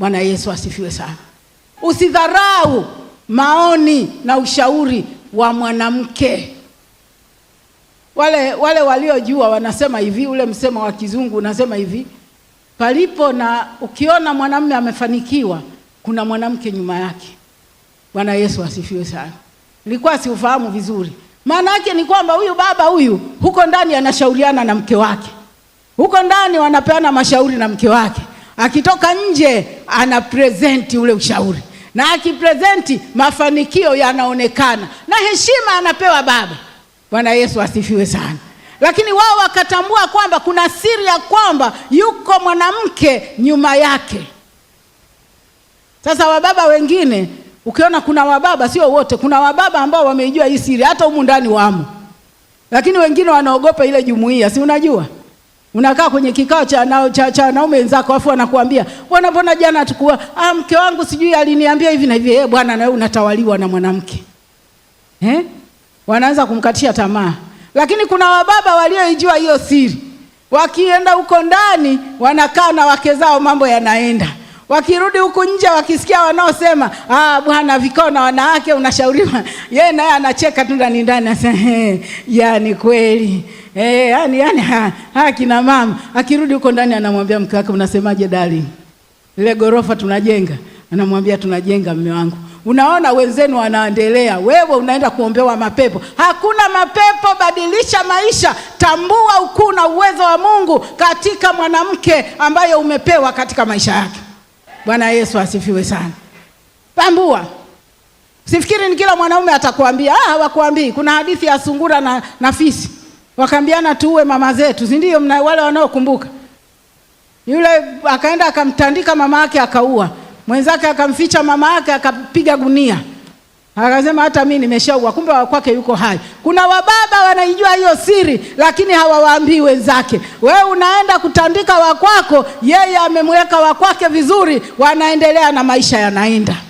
Bwana Yesu asifiwe sana. Usidharau maoni na ushauri wa mwanamke. Wale wale waliojua wanasema hivi, ule msemo wa kizungu unasema hivi, palipo na ukiona mwanamume amefanikiwa kuna mwanamke nyuma yake. Bwana Yesu asifiwe sana. Nilikuwa siufahamu vizuri. Maana yake ni kwamba huyu baba huyu huko ndani anashauriana na mke wake, huko ndani wanapeana mashauri na mke wake Akitoka nje ana prezenti ule ushauri, na akiprezenti mafanikio yanaonekana na heshima anapewa baba. Bwana Yesu asifiwe sana. Lakini wao wakatambua kwamba kuna siri ya kwamba yuko mwanamke nyuma yake. Sasa wababa wengine, ukiona kuna wababa, sio wote, kuna wababa ambao wameijua hii siri, hata humu ndani wamo, lakini wengine wanaogopa ile jumuiya, si unajua Unakaa kwenye kikao cha wanaume cha, cha wenzako afu anakuambia bwana, mbona jana tukua ah, mke wangu sijui aliniambia hivi na hivi. Eh bwana, na wewe unatawaliwa na mwanamke eh? Wanaanza kumkatisha tamaa, lakini kuna wababa walioijua hiyo siri, wakienda huko ndani wanakaa na wake zao, mambo yanaenda Wakirudi huku nje, wakisikia wanaosema ah, bwana vikao na wanawake unashauriwa, yeye naye anacheka tu ndani ndani, anasema hey, yani kweli eh, yani, yani, ha, ha, kina mama. Akirudi huko ndani, anamwambia mke wake, unasemaje darling, ile gorofa tunajenga? Anamwambia tunajenga, mme wangu. Unaona wenzenu wanaendelea, wewe unaenda kuombewa mapepo. Hakuna mapepo. Badilisha maisha, tambua ukuu na uwezo wa Mungu katika mwanamke ambaye umepewa katika maisha yake. Bwana Yesu asifiwe sana. Pambua, sifikiri ni kila mwanaume atakwambia. Ah, wakwambii. Kuna hadithi ya sungura na, na fisi wakaambiana tuue mama zetu, si ndio? Wale wanaokumbuka yule akaenda akamtandika mama yake akaua, mwenzake akamficha mama yake akapiga gunia Akasema hata mimi nimeshaua, kumbe wakwake yuko hai. Kuna wababa wanaijua hiyo siri, lakini hawawaambii wenzake. Wewe unaenda kutandika wakwako, yeye amemweka wakwake vizuri, wanaendelea na maisha yanaenda.